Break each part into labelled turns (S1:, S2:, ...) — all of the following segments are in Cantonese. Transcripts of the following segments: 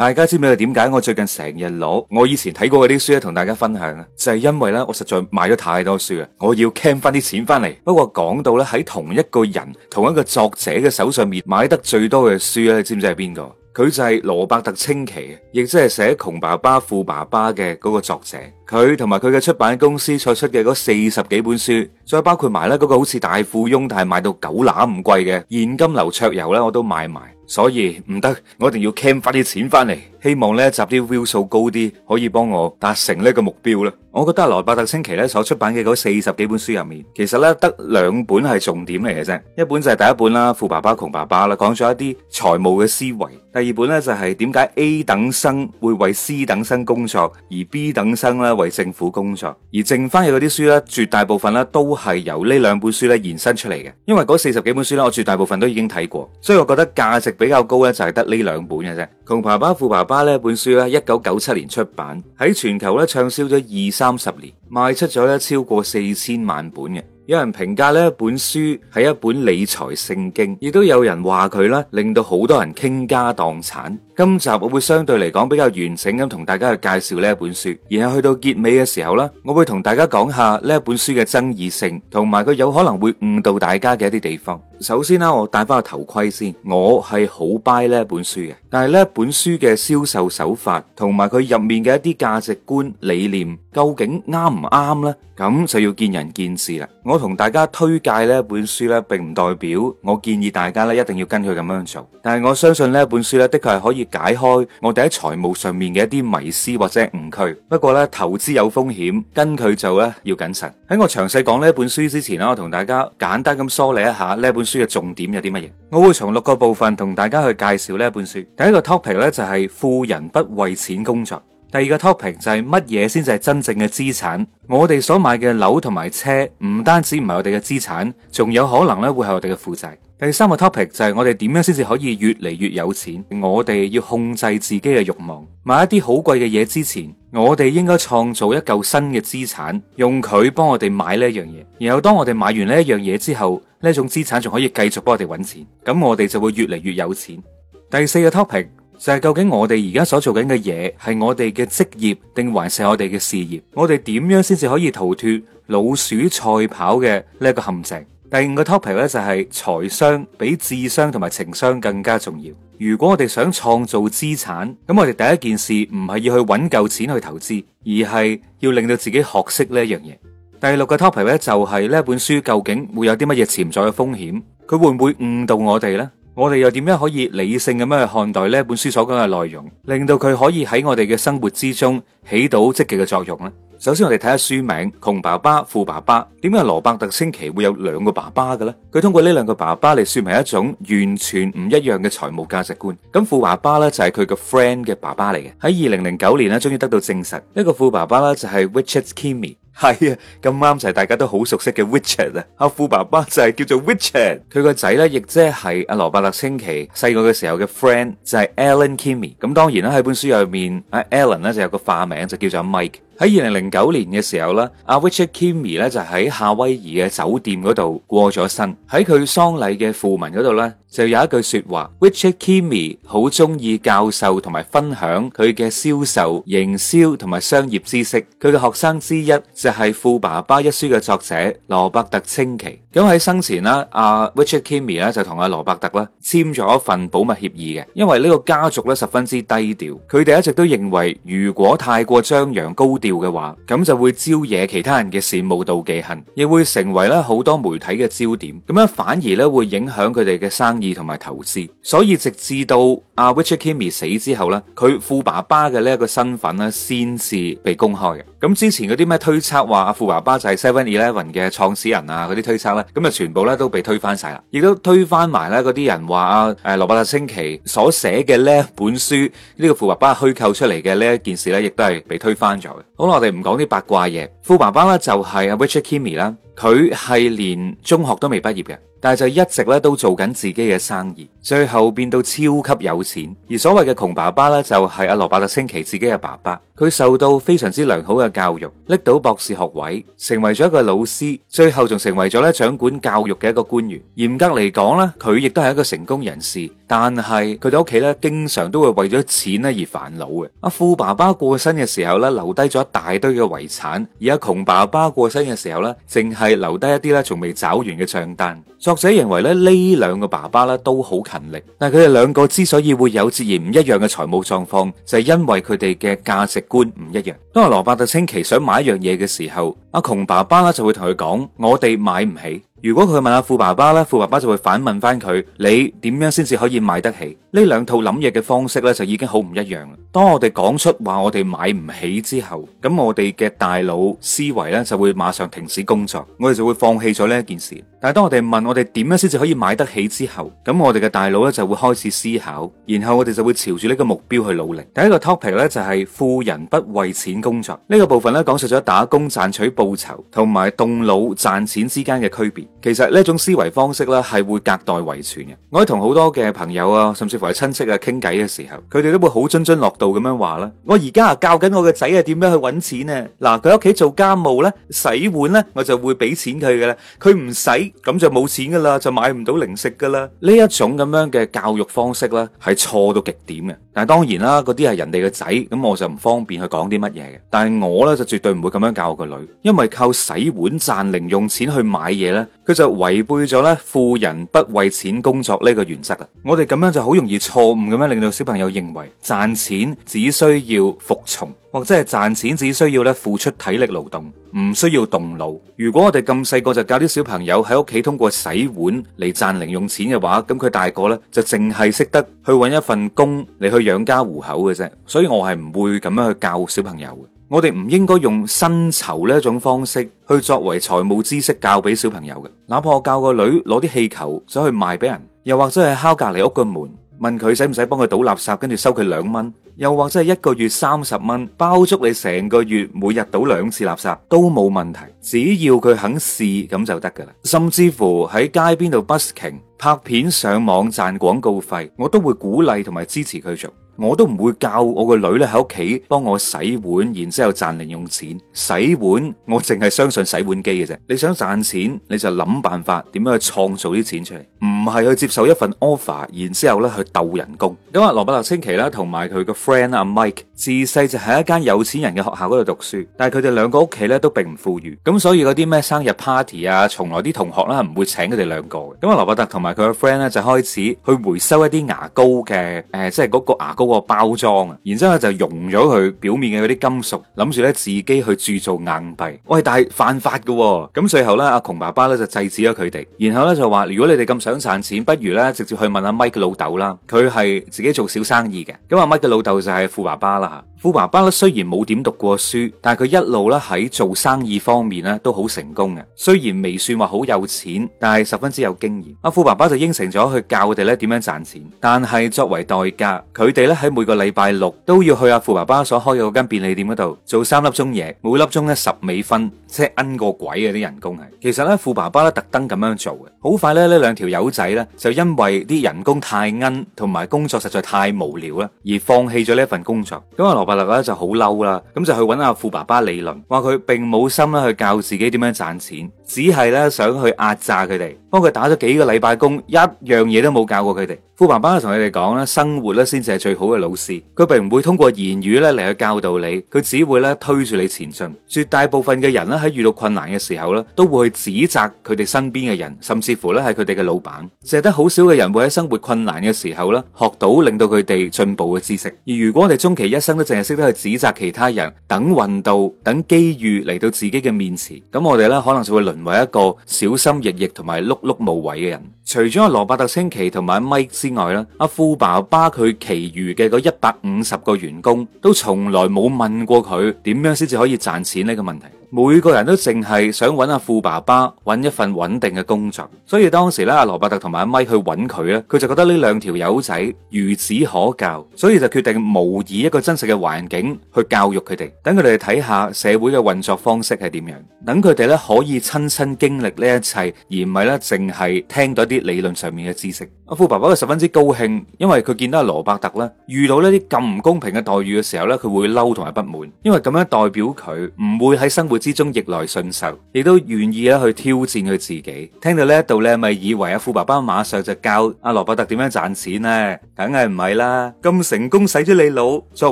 S1: 大家知唔知啊？點解我最近成日攞我以前睇過嘅啲書咧，同大家分享啊？就係、是、因為咧，我實在買咗太多書啊！我要慳翻啲錢翻嚟。不過講到咧，喺同一個人、同一個作者嘅手上面買得最多嘅書咧，你知唔知係邊個？佢就係羅伯特清奇，亦即係寫窮爸爸富爸爸嘅嗰個作者。佢同埋佢嘅出版公司採出出嘅嗰四十幾本書，再包括埋咧嗰個好似大富翁，但係賣到狗乸咁貴嘅現金流桌遊咧，我都買埋。所以唔得，我一定要 cam 翻啲錢翻嚟，希望呢集啲 view 數高啲，可以幫我達成呢個目標啦。我覺得羅伯特清崎呢所出版嘅嗰四十幾本書入面，其實呢得兩本係重點嚟嘅啫，一本就係第一本啦《富爸爸窮爸爸》啦，講咗一啲財務嘅思維；第二本呢就係點解 A 等生會為 C 等生工作，而 B 等生呢為政府工作，而剩翻嘅嗰啲書呢，絕大部分呢都係由呢兩本書呢延伸出嚟嘅。因為嗰四十幾本書呢，我絕大部分都已經睇過，所以我覺得價值，比較高咧就係得呢兩本嘅啫，窮爸爸富爸爸呢本書咧一九九七年出版，喺全球咧暢銷咗二三十年，賣出咗咧超過四千萬本嘅。有人評價呢本書係一本理財聖經，亦都有人話佢咧令到好多人傾家蕩產。今集我會相對嚟講比較完整咁同大家去介紹呢一本書，然後去到結尾嘅時候呢，我會同大家講下呢一本書嘅爭議性，同埋佢有可能會誤導大家嘅一啲地方。首先啦，我戴翻個頭盔先，我係好 buy 呢一本書嘅，但係呢一本書嘅銷售手法同埋佢入面嘅一啲價值觀理念，究竟啱唔啱呢？咁就要見仁見智啦。我同大家推介呢一本書呢，並唔代表我建議大家呢一定要跟佢咁樣做，但係我相信呢一本書呢的確係可以。解開我哋喺財務上面嘅一啲迷思或者誤區。不過咧，投資有風險，跟佢做咧要謹慎。喺我詳細講呢本書之前啦，我同大家簡單咁梳理一下呢本書嘅重點有啲乜嘢。我會從六個部分同大家去介紹呢本書。第一個 topic 呢，就係富人不為錢工作。第二個 topic 就係乜嘢先至係真正嘅資產？我哋所買嘅樓同埋車唔單止唔係我哋嘅資產，仲有可能咧會係我哋嘅負債。第三個 topic 就係我哋點樣先至可以越嚟越有錢？我哋要控制自己嘅慾望，買一啲好貴嘅嘢之前，我哋應該創造一嚿新嘅資產，用佢幫我哋買呢一樣嘢。然後當我哋買完呢一樣嘢之後，呢一種資產仲可以繼續幫我哋揾錢，咁我哋就會越嚟越有錢。第四個 topic。就係究竟我哋而家所做緊嘅嘢係我哋嘅職業定還是我哋嘅事業？我哋點樣先至可以逃脫老鼠賽跑嘅呢一個陷阱？第五個 topic 咧就係財商比智商同埋情商更加重要。如果我哋想創造資產，咁我哋第一件事唔係要去搵夠錢去投資，而係要令到自己學識呢一樣嘢。第六個 topic 咧就係呢本書究竟會有啲乜嘢潛在嘅風險？佢會唔會誤導我哋呢？我哋又點樣可以理性咁樣去看待呢本書所講嘅內容，令到佢可以喺我哋嘅生活之中起到積極嘅作用呢？首先，我哋睇下書名《窮爸爸富爸爸》爸爸，點解羅伯特清崎會有兩個爸爸嘅咧？佢通過呢兩個爸爸嚟說明一種完全唔一樣嘅財務價值觀。咁富爸爸呢，就係佢個 friend 嘅爸爸嚟嘅。喺二零零九年呢，終於得到證實，一個富爸爸呢，就係 Richard Kimi。係啊，咁啱就係大家都好熟悉嘅 Richard 啊，阿富爸爸就係叫做 Richard，佢個仔咧亦即係阿羅伯特清崎，細個嘅時候嘅 friend 就係 Alan Kimi，咁當然啦喺本書入面，阿 Alan 咧就有個化名就叫做 Mike，喺二零零九年嘅時候啦，阿、啊、Richard Kimi 咧就喺夏威夷嘅酒店嗰度過咗身，喺佢喪禮嘅訃文嗰度咧。就有一句說話，Richard Kimi 好中意教授同埋分享佢嘅銷售、營銷同埋商業知識。佢嘅學生之一就係《富爸爸》一書嘅作者羅伯特清奇。咁喺生前啦，阿 Richard Kimi 咧就同阿羅伯特啦簽咗一份保密協議嘅。因為呢個家族咧十分之低調，佢哋一直都認為如果太過張揚、高調嘅話，咁就會招惹其他人嘅羨慕、妒忌、恨，亦會成為咧好多媒體嘅焦點。咁樣反而咧會影響佢哋嘅生意。意同埋投資，所以直至到阿 Richie Kimi 死之後咧，佢富爸爸嘅呢一個身份咧，先至被公開嘅。咁之前嗰啲咩推測話阿富爸爸就係 Seven Eleven 嘅創始人啊，嗰啲推測咧，咁啊全部咧都被推翻晒啦，亦都推翻埋咧嗰啲人話阿誒羅伯特清崎所寫嘅呢一本書，呢個富爸爸虛構出嚟嘅呢一件事咧，亦都係被推翻咗嘅。好啦，我哋唔講啲八卦嘢，富爸爸咧就係阿 Richie Kimi 啦。佢係連中學都未畢業嘅，但係就一直呢都做緊自己嘅生意，最後變到超級有錢。而所謂嘅窮爸爸呢，就係阿羅伯特星奇自己嘅爸爸。佢受到非常之良好嘅教育，拎到博士學位，成為咗一個老師，最後仲成為咗咧掌管教育嘅一個官員。嚴格嚟講咧，佢亦都係一個成功人士，但係佢哋屋企咧，經常都會為咗錢咧而煩惱嘅。阿、啊、富爸爸過身嘅時候咧，留低咗一大堆嘅遺產；而阿、啊、窮爸爸過身嘅時候咧，淨係留低一啲咧仲未找完嘅賬單。作者認為咧，呢兩個爸爸咧都好勤力，但係佢哋兩個之所以會有截然唔一樣嘅財務狀況，就係、是、因為佢哋嘅價值。觀唔一樣。當阿羅伯特清崎想買一樣嘢嘅時候，阿窮爸爸咧就會同佢講：我哋買唔起。如果佢問阿、啊、富爸爸咧，富爸爸就會反問翻佢：你點樣先至可以買得起？呢兩套諗嘢嘅方式咧就已經好唔一樣。當我哋講出話我哋買唔起之後，咁我哋嘅大腦思維咧就會馬上停止工作，我哋就會放棄咗呢一件事。但係當我哋問我哋點樣先至可以買得起之後，咁我哋嘅大腦咧就會開始思考，然後我哋就會朝住呢個目標去努力。第一個 topic 咧就係富人不為錢工作呢個部分咧，講述咗打工賺取報酬同埋動腦賺錢之間嘅區別。其實呢一種思維方式咧係會隔代遺傳嘅。我喺同好多嘅朋友啊，甚至乎係親戚啊傾偈嘅時候，佢哋都會好津津樂道咁樣話啦。我而家啊教緊我個仔啊點樣去揾錢啊。嗱，佢喺屋企做家務呢，洗碗呢，我就會俾錢佢嘅啦。佢唔使咁就冇錢噶啦，就買唔到零食噶啦。呢一種咁樣嘅教育方式咧係錯到極點嘅。但當然啦，嗰啲係人哋嘅仔，咁我就唔方便去講啲乜嘢嘅。但係我呢，就絕對唔會咁樣教我個女，因為靠洗碗賺零用錢去買嘢呢，佢就違背咗呢「富人不為錢工作」呢個原則嘅。我哋咁樣就好容易錯誤咁樣令到小朋友認為賺錢只需要服從。或者係賺錢只需要咧付出體力勞動，唔需要動腦。如果我哋咁細個就教啲小朋友喺屋企通過洗碗嚟賺零用錢嘅話，咁佢大個呢就淨係識得去搵一份工嚟去養家糊口嘅啫。所以我係唔會咁樣去教小朋友嘅。我哋唔應該用薪酬呢一種方式去作為財務知識教俾小朋友嘅。哪怕我教個女攞啲氣球想去賣俾人，又或者係去敲隔籬屋個門問佢使唔使幫佢倒垃圾，跟住收佢兩蚊。又或者係一個月三十蚊包足你成個月每日倒兩次垃圾都冇問題，只要佢肯試咁就得㗎喇，甚至乎喺街邊度 busking 拍片上網賺廣告費，我都會鼓勵同埋支持佢做，我都唔會教我個女咧喺屋企幫我洗碗，然之後賺零用錢。洗碗我淨係相信洗碗機嘅啫。你想賺錢，你就諗辦法點樣去創造啲錢出嚟，唔係去接受一份 offer，然之後咧去鬥人工。咁啊，羅伯特清奇啦，同埋佢個 friend 阿 Mike 自細就喺一間有錢人嘅學校嗰度讀書，但係佢哋兩個屋企咧都並唔富裕，咁所以嗰啲咩生日 party 啊，從來啲同學啦唔會請佢哋兩個嘅。咁啊，羅伯特同埋。佢個 friend 咧就開始去回收一啲牙膏嘅誒、呃，即係嗰個牙膏個包裝啊，然之後就溶咗佢表面嘅嗰啲金屬，諗住咧自己去鑄造硬幣。喂，但係犯法嘅、哦，咁最後咧阿窮爸爸咧就制止咗佢哋，然後咧就話：如果你哋咁想賺錢，不如咧直接去問阿 Mike 嘅老豆啦。佢係自己做小生意嘅，咁阿 Mike 嘅老豆就係富爸爸啦。吓，富爸爸咧雖然冇點讀過書，但係佢一路咧喺做生意方面咧都好成功嘅。雖然未算話好有錢，但係十分之有經驗。阿富爸爸。爸就應承咗去教我哋咧點樣賺錢，但係作為代價，佢哋咧喺每個禮拜六都要去阿富爸爸所開嘅嗰間便利店嗰度做三粒鐘嘢，每粒鐘咧十美分，即係奀過鬼啊啲人工係。其實咧，富爸爸咧特登咁樣做嘅，好快咧呢兩條友仔咧就因為啲人工太奀，同埋工作實在太無聊啦，而放棄咗呢一份工作。咁阿羅伯特咧就好嬲啦，咁就去揾阿富爸爸理論，話佢並冇心啦去教自己點樣賺錢。只係咧想去壓榨佢哋，幫佢打咗幾個禮拜工，一樣嘢都冇教過佢哋。富爸爸就同佢哋講啦，生活咧先至係最好嘅老師。佢並唔會通過言語咧嚟去教導你，佢只會咧推住你前進。絕大部分嘅人咧喺遇到困難嘅時候咧，都會去指責佢哋身邊嘅人，甚至乎咧係佢哋嘅老闆。剩得好少嘅人會喺生活困難嘅時候咧學到令到佢哋進步嘅知識。而如果我哋終其一生都淨係識得去指責其他人，等運到、等機遇嚟到自己嘅面前，咁我哋咧可能就會輪。為一個小心翼翼同埋碌碌無為嘅人，除咗阿羅伯特·清崎同埋阿 Mike 之外咧，阿、啊、富爸爸佢其餘嘅嗰一百五十個員工都從來冇問過佢點樣先至可以賺錢呢個問題。每個人都淨係想搵阿富爸爸搵一份穩定嘅工作，所以當時咧阿羅伯特同埋阿 Mike 去搵佢咧，佢就覺得呢兩條友仔孺子可教，所以就決定模擬一個真實嘅環境去教育佢哋，等佢哋睇下社會嘅運作方式係點樣，等佢哋咧可以親身經歷呢一切，而唔係咧淨係聽到一啲理論上面嘅知識。阿富爸爸就十分之高興，因為佢見到阿羅伯特咧遇到呢啲咁唔公平嘅待遇嘅時候咧，佢會嬲同埋不滿，因為咁樣代表佢唔會喺生活。之中逆來順受，亦都願意咧去挑戰佢自己。聽到呢一度，你係咪以為阿富爸爸馬上就教阿羅伯特點樣賺錢咧？梗係唔係啦！咁成功洗咗你腦，作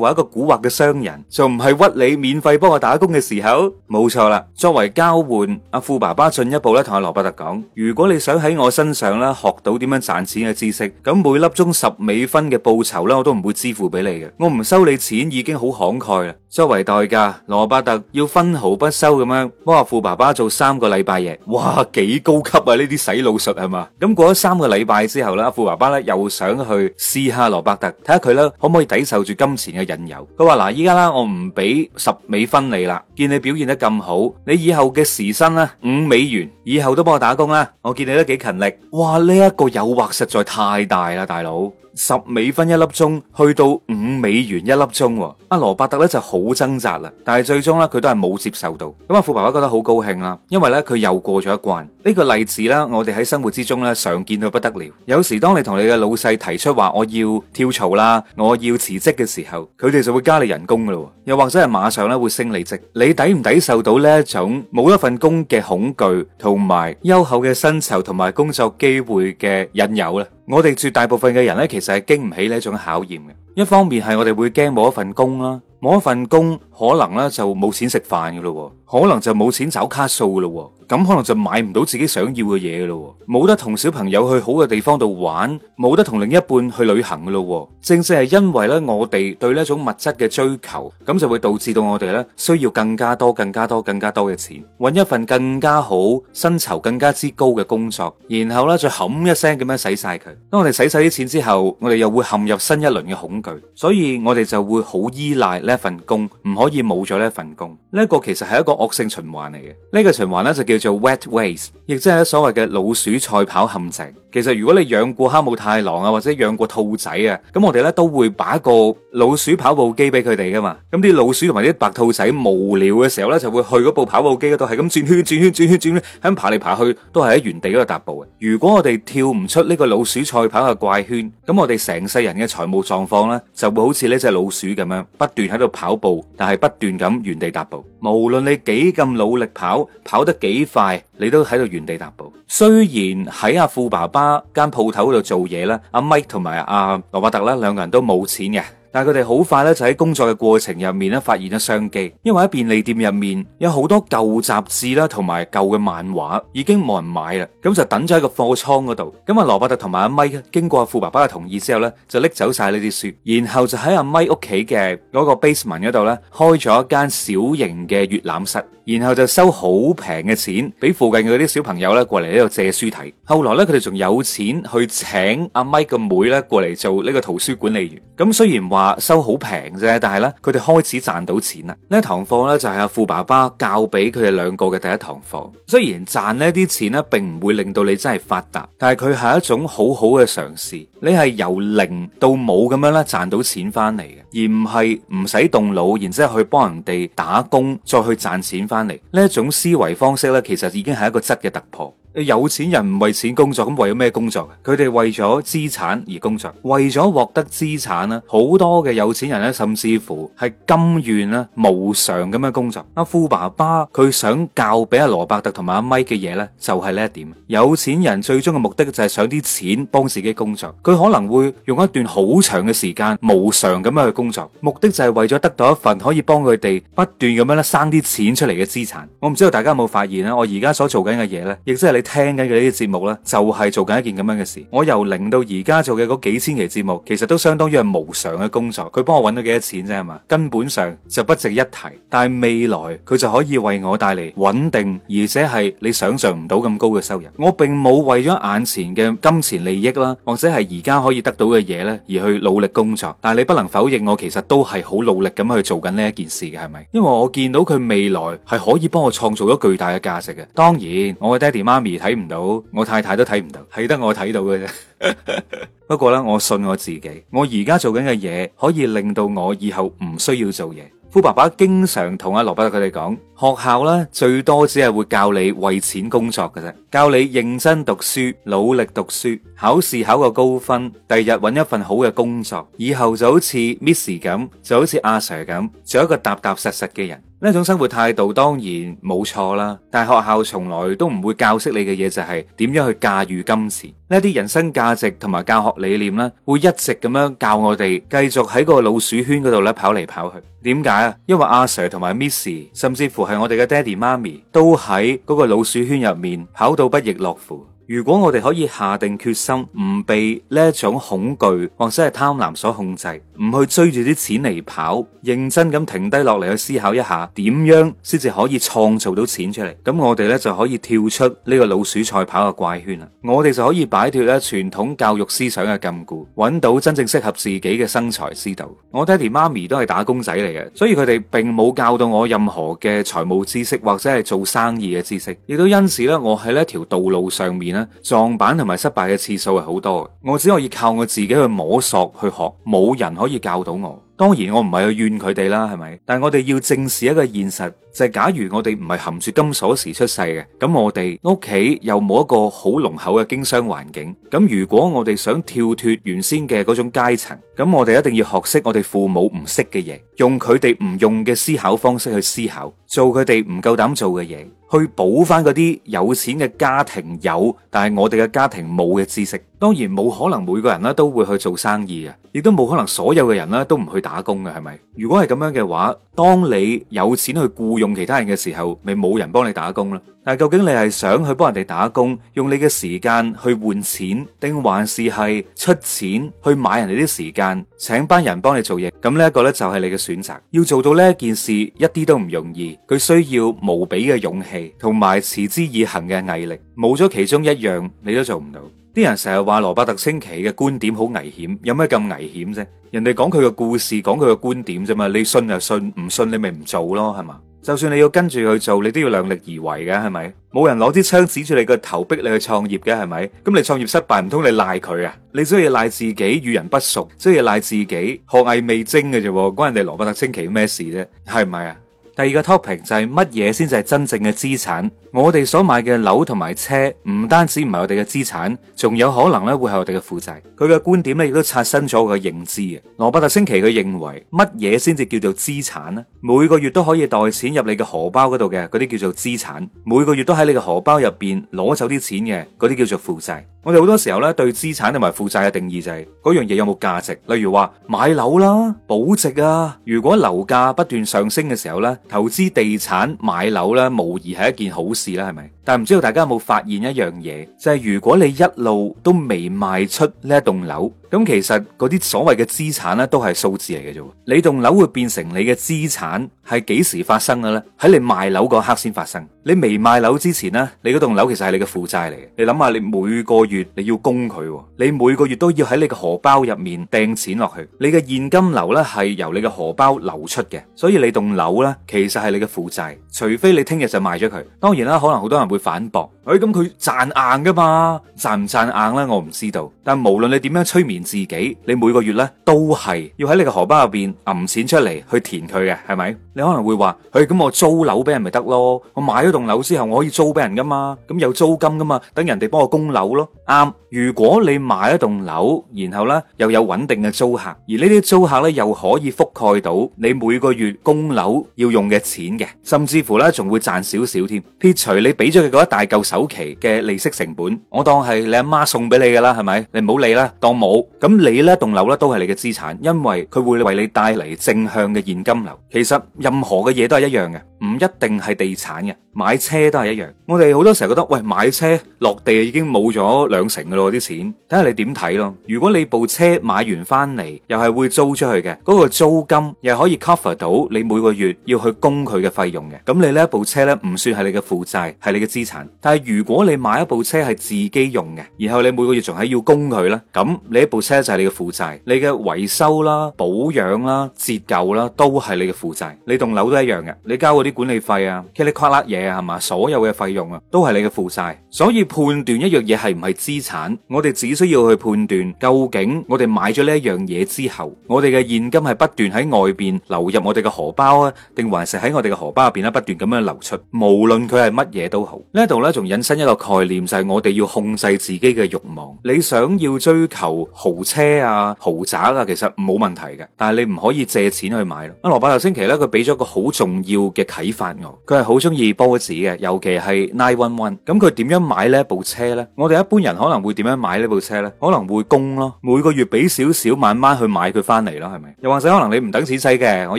S1: 為一個蠱惑嘅商人，仲唔係屈你免費幫我打工嘅時候？冇錯啦！作為交換，阿富爸爸進一步咧同阿羅伯特講：如果你想喺我身上咧學到點樣賺錢嘅知識，咁每粒鐘十美分嘅報酬咧，我都唔會支付俾你嘅。我唔收你錢已經好慷慨啦。作為代價，羅伯特要分毫不。收咁樣幫阿富爸爸做三個禮拜嘢，哇，幾高級啊！呢啲洗腦術係嘛？咁過咗三個禮拜之後咧，富爸爸咧又想去試下羅伯特，睇下佢咧可唔可以抵受住金錢嘅引誘。佢話嗱，依家啦，我唔俾十美分你啦，見你表現得咁好，你以後嘅時薪咧五美元，以後都幫我打工啦。我見你都幾勤力，哇！呢一個誘惑實在太大啦，大佬。十美分一粒鐘去到五美元一粒鐘，阿羅伯特咧就好掙扎啦。但係最終咧，佢都係冇接受到。咁啊，富爸爸覺得好高興啦，因為咧佢又過咗一關。呢個例子咧，我哋喺生活之中咧常見到不得了。有時當你同你嘅老細提出話我要跳槽啦，我要辭職嘅時候，佢哋就會加你人工噶啦，又或者係馬上咧會升你職。你抵唔抵受到呢一種冇一份工嘅恐懼，同埋優厚嘅薪酬同埋工作機會嘅引誘呢？我哋絕大部分嘅人咧，其實係經唔起呢一種考驗嘅。一方面係我哋會驚冇一份工啦，冇一份工可能咧就冇錢食飯噶咯，可能就冇錢找卡數噶咯，咁可能就買唔到自己想要嘅嘢噶咯，冇得同小朋友去好嘅地方度玩，冇得同另一半去旅行噶咯。正正係因為咧我哋對呢一種物質嘅追求，咁就會導致到我哋咧需要更加多、更加多、更加多嘅錢，搵一份更加好、薪酬更加之高嘅工作，然後咧再冚一聲咁樣使晒佢。當我哋使晒啲錢之後，我哋又會陷入新一輪嘅恐所以我哋就會好依賴呢一份工，唔可以冇咗呢一份工。呢一個其實係一個惡性循環嚟嘅。呢個循環呢，就叫做 wet waste，亦即係所謂嘅老鼠賽跑陷阱。其實如果你養過哈姆太郎啊，或者養過兔仔啊，咁我哋呢都會把一個老鼠跑步機俾佢哋噶嘛。咁啲老鼠同埋啲白兔仔無聊嘅時候呢，就會去嗰部跑步機嗰度，係咁轉圈轉圈轉圈轉圈，喺度爬嚟爬去，都係喺原地嗰度踏步嘅。如果我哋跳唔出呢個老鼠賽跑嘅怪圈，咁我哋成世人嘅財務狀況呢。就會好似呢隻老鼠咁樣，不斷喺度跑步，但係不斷咁原地踏步。無論你幾咁努力跑，跑得幾快，你都喺度原地踏步。雖然喺阿富爸爸間鋪頭度做嘢啦，阿、啊、Mike 同埋阿羅伯特啦，兩個人都冇錢嘅。但係佢哋好快咧，就喺工作嘅過程入面咧，發現咗商機，因為喺便利店入面有好多舊雜誌啦，同埋舊嘅漫畫已經冇人買啦，咁就等咗喺個貨倉嗰度。咁啊羅伯特同埋阿咪經過富爸爸嘅同意之後咧，就拎走晒呢啲書，然後就喺阿咪屋企嘅嗰個 basement 嗰度咧，開咗一間小型嘅閱覽室，然後就收好平嘅錢俾附近嗰啲小朋友咧，過嚟呢度借書睇。後來咧，佢哋仲有錢去請阿咪個妹咧，過嚟做呢個圖書管理員。咁雖然話，話收好平啫，但係呢，佢哋開始賺到錢啦。呢堂課呢，就係阿富爸爸教俾佢哋兩個嘅第一堂課。雖然賺呢啲錢呢，並唔會令到你真係發達，但係佢係一種好好嘅嘗試。你係由零到冇咁樣咧賺到錢翻嚟嘅，而唔係唔使動腦，然之後去幫人哋打工，再去賺錢翻嚟呢一種思維方式呢，其實已經係一個質嘅突破。有錢人唔為錢工作，咁為咗咩工作？佢哋為咗資產而工作，為咗獲得資產啦。好多嘅有錢人咧，甚至乎係甘願啦，無償咁樣工作。阿富爸爸佢想教俾阿羅伯特同埋阿咪嘅嘢咧，就係呢一點。有錢人最終嘅目的就係想啲錢幫自己工作，佢可能會用一段好長嘅時間無償咁樣去工作，目的就係為咗得到一份可以幫佢哋不斷咁樣咧生啲錢出嚟嘅資產。我唔知道大家有冇發現咧，我而家所做緊嘅嘢咧，亦都係。你聽緊嘅呢啲節目咧，就係做緊一件咁樣嘅事。我由零到而家做嘅嗰幾千期節目，其實都相當於係無償嘅工作。佢幫我搵到幾多錢啫，係嘛，根本上就不值一提。但係未來佢就可以為我帶嚟穩定，而且係你想象唔到咁高嘅收入。我並冇為咗眼前嘅金錢利益啦，或者係而家可以得到嘅嘢呢，而去努力工作。但係你不能否認，我其實都係好努力咁去做緊呢一件事嘅，係咪？因為我見到佢未來係可以幫我創造咗巨大嘅價值嘅。當然，我嘅爹哋媽咪。而睇唔到，我太太都睇唔到，係得我睇到嘅啫。 不過咧，我信我自己，我而家做緊嘅嘢可以令到我以後唔需要做嘢。富爸爸經常同阿、啊、羅伯特佢哋講，學校咧最多只係會教你為錢工作嘅啫，教你認真讀書、努力讀書、考試考個高分，第日揾一份好嘅工作，以後就好似 Miss 咁，就好似阿 Sir 咁，做一個踏踏實實嘅人。呢一種生活態度當然冇錯啦，但係學校從來都唔會教識你嘅嘢就係點樣去駕馭金錢，呢啲人生價值同埋教學理念咧，會一直咁樣教我哋繼續喺個老鼠圈嗰度咧跑嚟跑去。點解啊？因為阿 Sir 同埋 Miss，甚至乎係我哋嘅爹哋媽咪，都喺嗰個老鼠圈入面跑到不亦樂乎。如果我哋可以下定決心唔被呢一種恐懼或者係貪婪所控制，唔去追住啲錢嚟跑，認真咁停低落嚟去思考一下，點樣先至可以創造到錢出嚟，咁我哋咧就可以跳出呢個老鼠賽跑嘅怪圈啦。我哋就可以擺脫咧傳統教育思想嘅禁錮，揾到真正適合自己嘅生財之道。我爹哋媽咪都係打工仔嚟嘅，所以佢哋並冇教到我任何嘅財務知識或者係做生意嘅知識，亦都因此咧，我喺呢條道路上面撞板同埋失敗嘅次數係好多，我只可以靠我自己去摸索去學，冇人可以教到我。當然我唔係去怨佢哋啦，係咪？但係我哋要正視一個現實，就係假如我哋唔係含住金鎖匙出世嘅，咁我哋屋企又冇一個好濃厚嘅經商環境，咁如果我哋想跳脱原先嘅嗰種階層，咁我哋一定要學識我哋父母唔識嘅嘢，用佢哋唔用嘅思考方式去思考，做佢哋唔夠膽做嘅嘢，去補翻嗰啲有錢嘅家庭有，但係我哋嘅家庭冇嘅知識。當然冇可能每個人咧都會去做生意嘅，亦都冇可能所有嘅人咧都唔去打工嘅，係咪？如果係咁樣嘅話，當你有錢去僱傭其他人嘅時候，咪冇人幫你打工囉。但係究竟你係想去幫人哋打工，用你嘅時間去換錢，定還是係出錢去買人哋啲時間，請班人幫你做嘢？咁呢一個呢就係你嘅選擇。要做到呢一件事一啲都唔容易，佢需要無比嘅勇氣同埋持之以恒嘅毅力，冇咗其中一樣，你都做唔到。啲人成日話羅伯特清奇嘅觀點好危險，有咩咁危險啫？人哋講佢嘅故事，講佢嘅觀點啫嘛，你信就信，唔信你咪唔做咯，係嘛？就算你要跟住佢做，你都要量力而為嘅，係咪？冇人攞支槍指住你個頭逼你去創業嘅，係咪？咁你創業失敗唔通你賴佢啊？你所以賴自己，與人不熟，所以賴自己，學藝未精嘅啫，關人哋羅伯特清奇咩事啫？係唔係啊？第二個 topic 就係乜嘢先至係真正嘅資產？我哋所買嘅樓同埋車，唔單止唔係我哋嘅資產，仲有可能咧會係我哋嘅負債。佢嘅觀點咧亦都刷新咗我嘅認知啊！羅伯特·清崎佢認為乜嘢先至叫做資產呢？每個月都可以袋錢入你嘅荷包嗰度嘅，嗰啲叫做資產；每個月都喺你嘅荷包入邊攞走啲錢嘅，嗰啲叫做負債。我哋好多時候咧，對資產同埋負債嘅定義就係嗰樣嘢有冇價值。例如話買樓啦、保值啊。如果樓價不斷上升嘅時候咧，投資地產買樓咧，無疑係一件好事啦，係咪？但係唔知道大家有冇發現一樣嘢，就係如果你一路都未賣出呢一棟樓。咁其實嗰啲所謂嘅資產呢，都係數字嚟嘅啫。你棟樓會變成你嘅資產，係幾時發生嘅呢？喺你賣樓嗰刻先發生。你未賣樓之前呢，你嗰棟樓其實係你嘅負債嚟嘅。你諗下，你每個月你要供佢，你每個月都要喺你嘅荷包入面掟錢落去，你嘅現金流呢係由你嘅荷包流出嘅。所以你棟樓呢，其實係你嘅負債，除非你聽日就賣咗佢。當然啦，可能好多人會反駁。誒，咁佢賺硬噶嘛？賺唔賺硬呢？我唔知道。但係無論你點樣催眠自己，你每個月呢都係要喺你嘅荷包入邊揞錢出嚟，去填佢嘅，係咪？你可能會話，誒、哎，咁我租樓俾人咪得咯？我買咗棟樓之後，我可以租俾人噶嘛？咁有租金噶嘛？等人哋幫我供樓咯。啱、嗯。如果你買一棟樓，然後呢又有穩定嘅租客，而呢啲租客呢又可以覆蓋到你每個月供樓要用嘅錢嘅，甚至乎呢仲會賺少少添。撇除你俾咗佢嗰一大嚿。早期嘅利息成本，我當係你阿媽送俾你噶啦，係咪？你唔好理啦，當冇。咁你呢棟樓咧都係你嘅資產，因為佢會為你帶嚟正向嘅現金流。其實任何嘅嘢都係一樣嘅，唔一定係地產嘅，買車都係一樣。我哋好多時候覺得喂，買車落地已經冇咗兩成噶咯啲錢，睇下你點睇咯。如果你部車買完翻嚟又係會租出去嘅，嗰個租金又可以 cover 到你每個月要去供佢嘅費用嘅，咁你呢一部車咧唔算係你嘅負債，係你嘅資產。但係，如果你買一部車係自己用嘅，然後你每個月仲係要供佢啦。咁你一部車就係你嘅負債，你嘅維修啦、保養啦、折舊啦，都係你嘅負債。你棟樓都一樣嘅，你交嗰啲管理費啊，噼里啪啦嘢啊，係嘛，所有嘅費用啊，都係你嘅負債。所以判斷一樣嘢係唔係資產，我哋只需要去判斷究竟我哋買咗呢一樣嘢之後，我哋嘅現金係不斷喺外邊流入我哋嘅荷包啊，定還是喺我哋嘅荷包入邊咧不斷咁樣流出？無論佢係乜嘢都好，呢度咧仲有。本身一個概念就係我哋要控制自己嘅慾望。你想要追求豪車啊、豪宅啊，其實冇問題嘅，但係你唔可以借錢去買咯。阿羅伯頭先咧，佢俾咗個好重要嘅啟發我。佢係好中意波子嘅，尤其係 nine one one。咁佢點樣買呢部車呢？我哋一般人可能會點樣買呢部車呢？可能會供咯，每個月俾少少慢慢去買佢翻嚟咯，係咪？又或者可能你唔等錢使嘅，我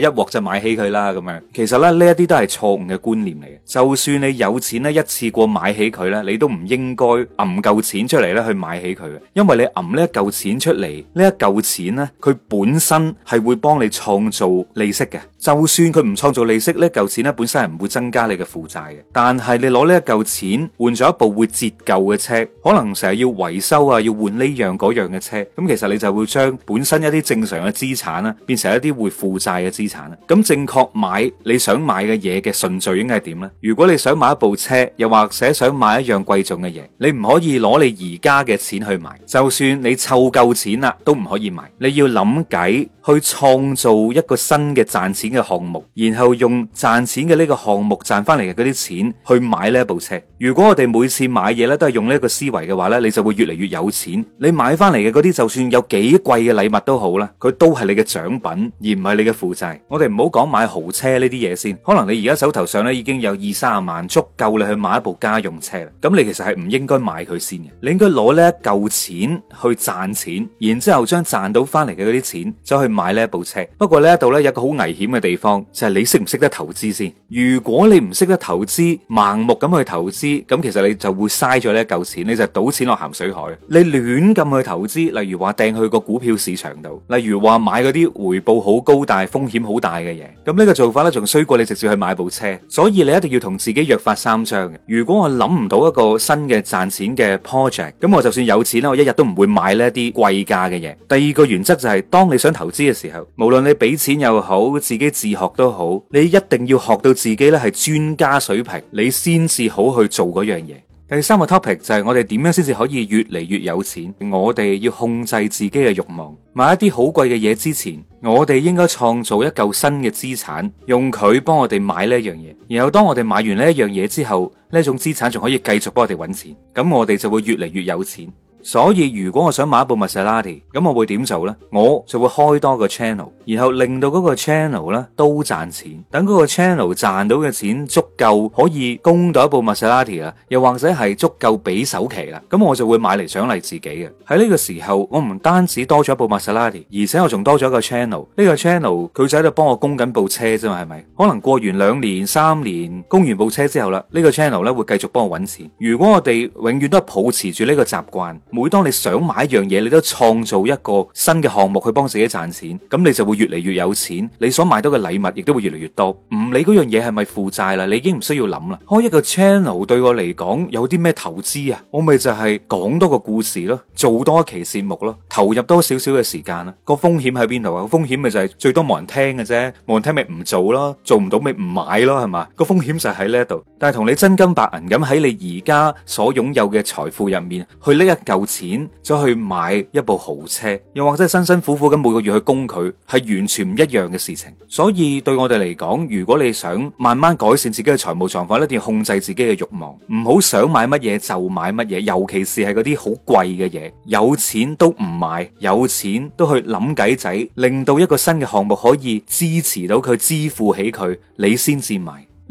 S1: 一鑊就買起佢啦咁樣。其實咧呢一啲都係錯誤嘅觀念嚟嘅。就算你有錢咧，一次過買起佢咧，你都唔應該揞夠錢出嚟咧去買起佢嘅，因為你揞呢一嚿錢出嚟，呢一嚿錢咧，佢本身係會幫你創造利息嘅。就算佢唔創造利息，呢嚿錢咧本身係唔會增加你嘅負債嘅。但係你攞呢一嚿錢換咗一部會折舊嘅車，可能成日要維修啊，要換呢樣嗰樣嘅車，咁其實你就會將本身一啲正常嘅資產咧變成一啲會負債嘅資產啦。咁正確買你想買嘅嘢嘅順序應該係點咧？如果你想買一部車，又或者想買一樣貴重嘅嘢，你唔可以攞你而家嘅錢去買，就算你湊夠錢啦，都唔可以買。你要諗計去創造一個新嘅賺錢嘅項目，然後用賺錢嘅呢個項目賺翻嚟嘅嗰啲錢去買呢一部車。如果我哋每次買嘢呢都係用呢一個思維嘅話呢，你就會越嚟越有錢。你買翻嚟嘅嗰啲，就算有幾貴嘅禮物都好啦，佢都係你嘅獎品，而唔係你嘅負債。我哋唔好講買豪車呢啲嘢先，可能你而家手頭上呢已經有二三十萬，足夠你去買一部家用。車，咁你其實係唔應該買佢先嘅，你應該攞呢一嚿錢去賺錢，然之後將賺到翻嚟嘅嗰啲錢，再去買呢一部車。不過呢一度呢，有個好危險嘅地方，就係、是、你識唔識得投資先？如果你唔識得投資，盲目咁去投資，咁其實你就會嘥咗呢一嚿錢，你就賭錢落咸水海。你亂咁去投資，例如話掟去個股票市場度，例如話買嗰啲回報好高但係風險好大嘅嘢，咁呢個做法呢，仲衰過你直接去買部車。所以你一定要同自己約法三章嘅。如果我諗。搵唔到一個新嘅賺錢嘅 project，咁我就算有錢咧，我一日都唔會買呢啲貴價嘅嘢。第二個原則就係，當你想投資嘅時候，無論你俾錢又好，自己自學都好，你一定要學到自己咧係專家水平，你先至好去做嗰樣嘢。第三個 topic 就係我哋點樣先至可以越嚟越有錢，我哋要控制自己嘅欲望，買一啲好貴嘅嘢之前。我哋應該創造一嚿新嘅資產，用佢幫我哋買呢一樣嘢。然後當我哋買完呢一樣嘢之後，呢一種資產仲可以繼續幫我哋搵錢，咁我哋就會越嚟越有錢。所以如果我想買一部瑪莎拉蒂，咁我會點做呢？我就會開多個 channel，然後令到嗰個 channel 咧都賺錢。等嗰個 channel 賺到嘅錢足夠可以供到一部瑪莎拉蒂啦，又或者係足夠俾首期啦，咁我就會買嚟獎勵自己嘅。喺呢個時候，我唔單止多咗一部瑪莎拉蒂，而且我仲多咗一個 channel。呢個 channel 佢就喺度幫我供緊部車啫嘛，係咪？可能過完兩年、三年，供完部車之後啦，呢、這個 channel 咧會繼續幫我揾錢。如果我哋永遠都係保持住呢個習慣。每當你想買一樣嘢，你都創造一個新嘅項目去幫自己賺錢，咁你就會越嚟越有錢。你所買到嘅禮物亦都會越嚟越多。唔理嗰樣嘢係咪負債啦，你已經唔需要諗啦。開一個 channel 對我嚟講有啲咩投資啊？我咪就係講多個故事咯，做多一期節目咯，投入多少少嘅時間啦。個風險喺邊度啊？個風險咪就係最多冇人聽嘅啫，冇人聽咪唔做咯，做唔到咪唔買咯，係嘛？個風險就喺呢一度。但係同你真金白銀咁喺你而家所擁有嘅財富入面去拎一嚿錢再去買一部豪車，又或者係辛辛苦苦咁每個月去供佢，係完全唔一樣嘅事情。所以對我哋嚟講，如果你想慢慢改善自己嘅財務狀況，一定要控制自己嘅慾望，唔好想買乜嘢就買乜嘢，尤其是係嗰啲好貴嘅嘢，有錢都唔買，有錢都去諗計仔，令到一個新嘅項目可以支持到佢支付起佢，你先至買。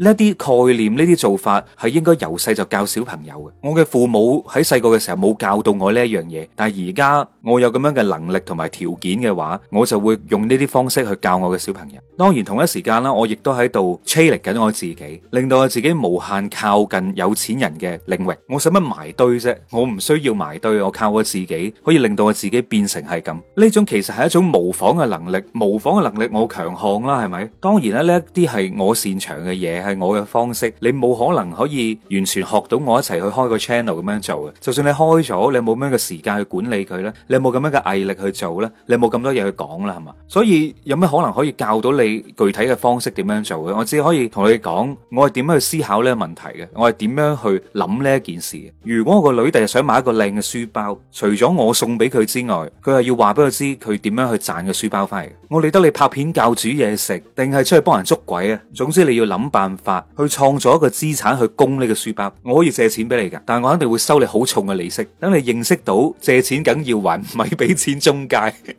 S1: 呢一啲概念，呢啲做法係應該由細就教小朋友嘅。我嘅父母喺細個嘅時候冇教到我呢一樣嘢，但係而家我有咁樣嘅能力同埋條件嘅話，我就會用呢啲方式去教我嘅小朋友。當然同一時間啦，我亦都喺度 challenge 緊我自己，令到我自己無限靠近有錢人嘅領域。我使乜埋堆啫？我唔需要埋堆，我靠我自己可以令到我自己變成係咁。呢種其實係一種模仿嘅能力，模仿嘅能力我強項啦，係咪？當然啦，呢一啲係我擅長嘅嘢。係我嘅方式，你冇可能可以完全學到我一齊去開個 channel 咁樣做嘅。就算你開咗，你有冇咁樣嘅時間去管理佢咧？你有冇咁樣嘅毅力去做咧？你有冇咁多嘢去講啦？係嘛？所以有咩可能可以教到你具體嘅方式點樣做嘅？我只可以同你講，我係點樣去思考呢個問題嘅，我係點樣去諗呢一件事。如果我個女第日想買一個靚嘅書包，除咗我送俾佢之外，佢係要話俾佢知佢點樣去賺個書包翻嚟。我理得你拍片教煮嘢食，定係出去幫人捉鬼啊？總之你要諗辦法去創造一個資產去供呢個書包，我可以借錢俾你㗎，但係我肯定會收你好重嘅利息。等你認識到借錢梗要還，唔係俾錢中介。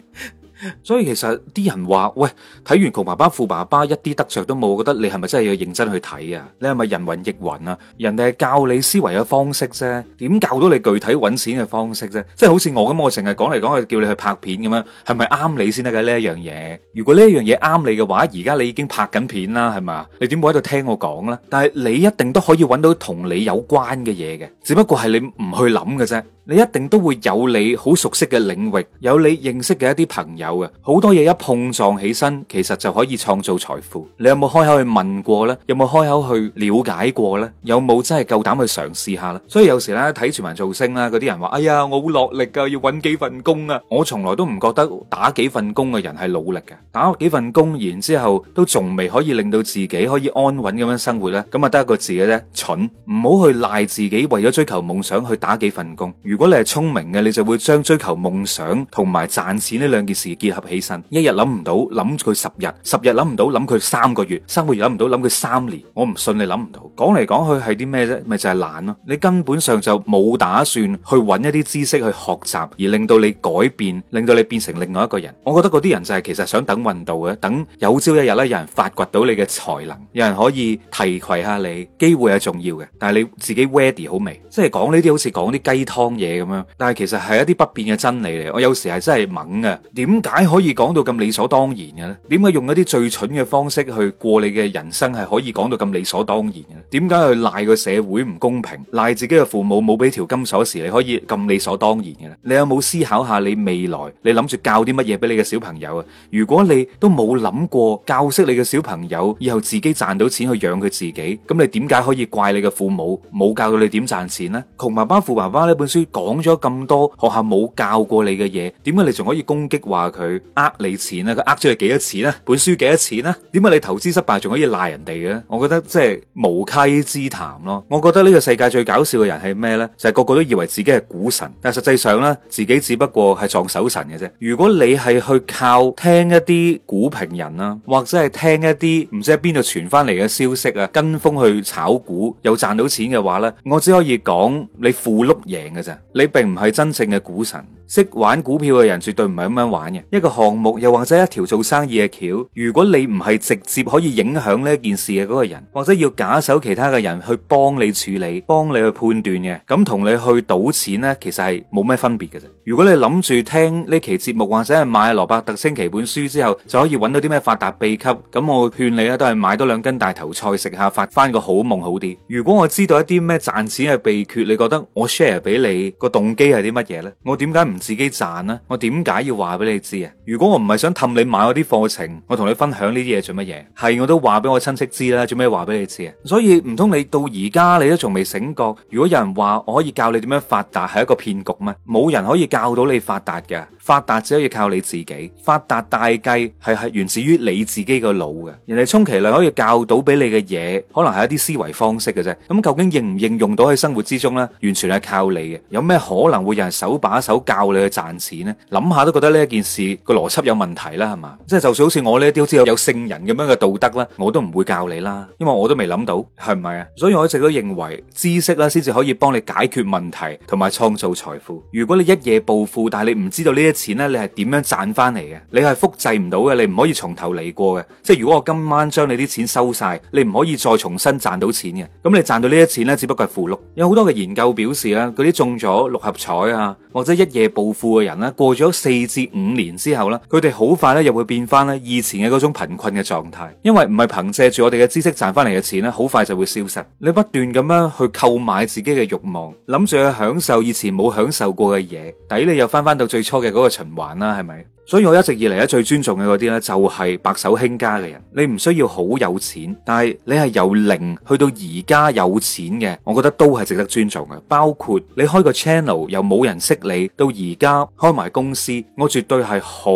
S1: 所以其實啲人話，喂，睇完窮爸爸富爸爸一啲得着都冇，我覺得你係咪真係要認真去睇啊？你係咪人云亦云啊？人哋係教你思維嘅方式啫，點教到你具體揾錢嘅方式啫？即係好似我咁，我成日講嚟講去叫你去拍片咁樣，係咪啱你先得嘅呢一樣嘢？如果呢一樣嘢啱你嘅話，而家你已經拍緊片啦，係嘛？你點會喺度聽我講呢？但係你一定都可以揾到同你有關嘅嘢嘅，只不過係你唔去諗嘅啫。你一定都會有你好熟悉嘅領域，有你認識嘅一啲朋友啊。好多嘢一碰撞起身，其實就可以創造財富。你有冇開口去問過呢？有冇開口去了解過呢？有冇真係夠膽去嘗試下呢？所以有時咧睇全民造星啦，嗰啲人話：哎呀，我好落力啊，要揾幾份工啊！我從來都唔覺得打幾份工嘅人係努力嘅，打幾份工，然之後都仲未可以令到自己可以安穩咁樣生活呢。咁啊得一個字嘅啫，蠢！唔好去賴自己，為咗追求夢想去打幾份工。如果你係聰明嘅，你就會將追求夢想同埋賺錢呢兩件事結合起身。一日諗唔到，諗佢十日；十日諗唔到，諗佢三個月；三個月諗唔到，諗佢三年。我唔信你諗唔到。講嚟講去係啲咩啫？咪就係懶咯！你根本上就冇打算去揾一啲知識去學習，而令到你改變，令到你變成另外一個人。我覺得嗰啲人就係其實想等運到嘅，等有朝一日咧，有人發掘到你嘅才能，有人可以提攜下你。機會係重要嘅，但係你自己 ready 好未？即係講呢啲好似講啲雞湯。嘢咁樣，但係其實係一啲不變嘅真理嚟。我有時係真係懵嘅，點解可以講到咁理所當然嘅咧？點解用一啲最蠢嘅方式去過你嘅人生係可以講到咁理所當然嘅？點解去賴個社會唔公平，賴自己嘅父母冇俾條金鎖匙，你可以咁理所當然嘅咧？你有冇思考下你未來，你諗住教啲乜嘢俾你嘅小朋友啊？如果你都冇諗過教識你嘅小朋友以後自己賺到錢去養佢自己，咁你點解可以怪你嘅父母冇教到你點賺錢呢？窮爸爸富爸爸呢本書。講咗咁多學校冇教過你嘅嘢，點解你仲可以攻擊話佢呃你錢啊？佢呃咗你幾多錢啊？本書幾多錢啊？點解你投資失敗仲可以賴人哋嘅？我覺得即係無稽之談咯。我覺得呢個世界最搞笑嘅人係咩呢？就係個個都以為自己係股神，但係實際上呢，自己只不過係撞手神嘅啫。如果你係去靠聽一啲股評人啊，或者係聽一啲唔知喺邊度傳翻嚟嘅消息啊，跟風去炒股又賺到錢嘅話呢，我只可以講你富碌贏嘅咋。你並唔係真正嘅股神。識玩股票嘅人絕對唔係咁樣玩嘅，一個項目又或者一條做生意嘅橋，如果你唔係直接可以影響呢件事嘅嗰個人，或者要假手其他嘅人去幫你處理、幫你去判斷嘅，咁同你去賭錢呢，其實係冇咩分別嘅啫。如果你諗住聽呢期節目或者係買羅伯特清崎本書之後就可以搵到啲咩發達秘笈，咁我勸你啊，都係買多兩斤大頭菜食下，發翻個好夢好啲。如果我知道一啲咩賺錢嘅秘訣，你覺得我 share 俾你個動機係啲乜嘢呢？我點解唔？自己賺啦，我點解要話俾你知啊？如果我唔係想氹你買我啲課程，我同你分享呢啲嘢做乜嘢？係我都話俾我親戚知啦，做咩話俾你知啊？所以唔通你到而家你都仲未醒覺？如果有人話我可以教你點樣發達，係一個騙局咩？冇人可以教到你發達嘅，發達只可以靠你自己。發達大計係係源自於你自己個腦嘅。人哋充其量可以教到俾你嘅嘢，可能係一啲思維方式嘅啫。咁究竟應唔應用到喺生活之中呢？完全係靠你嘅。有咩可能會有人手把手教？教你去賺錢咧，諗下都覺得呢一件事個邏輯有問題啦，係嘛？即係就算，是，好似我呢啲好似有聖人咁樣嘅道德啦，我都唔會教你啦，因為我都未諗到，係咪啊？所以我一直都認為知識咧，先至可以幫你解決問題同埋創造財富。如果你一夜暴富，但係你唔知道呢啲錢咧，你係點樣賺翻嚟嘅？你係複製唔到嘅，你唔可以從頭嚟過嘅。即係如果我今晚將你啲錢收晒，你唔可以再重新賺到錢嘅。咁你賺到呢啲錢咧，只不過係符碌。有好多嘅研究表示啦，嗰啲中咗六合彩啊，或者一夜。暴富嘅人咧，過咗四至五年之後咧，佢哋好快咧又會變翻咧以前嘅嗰種貧困嘅狀態，因為唔係憑借住我哋嘅知識賺翻嚟嘅錢咧，好快就會消失。你不斷咁樣去購買自己嘅欲望，諗住去享受以前冇享受過嘅嘢，抵你又翻翻到最初嘅嗰個循環啦，係咪？所以我一直以嚟咧最尊重嘅嗰啲咧，就係白手興家嘅人。你唔需要好有錢，但係你係由零去到而家有錢嘅，我覺得都係值得尊重嘅。包括你開個 channel 又冇人識你，到而家開埋公司，我絕對係好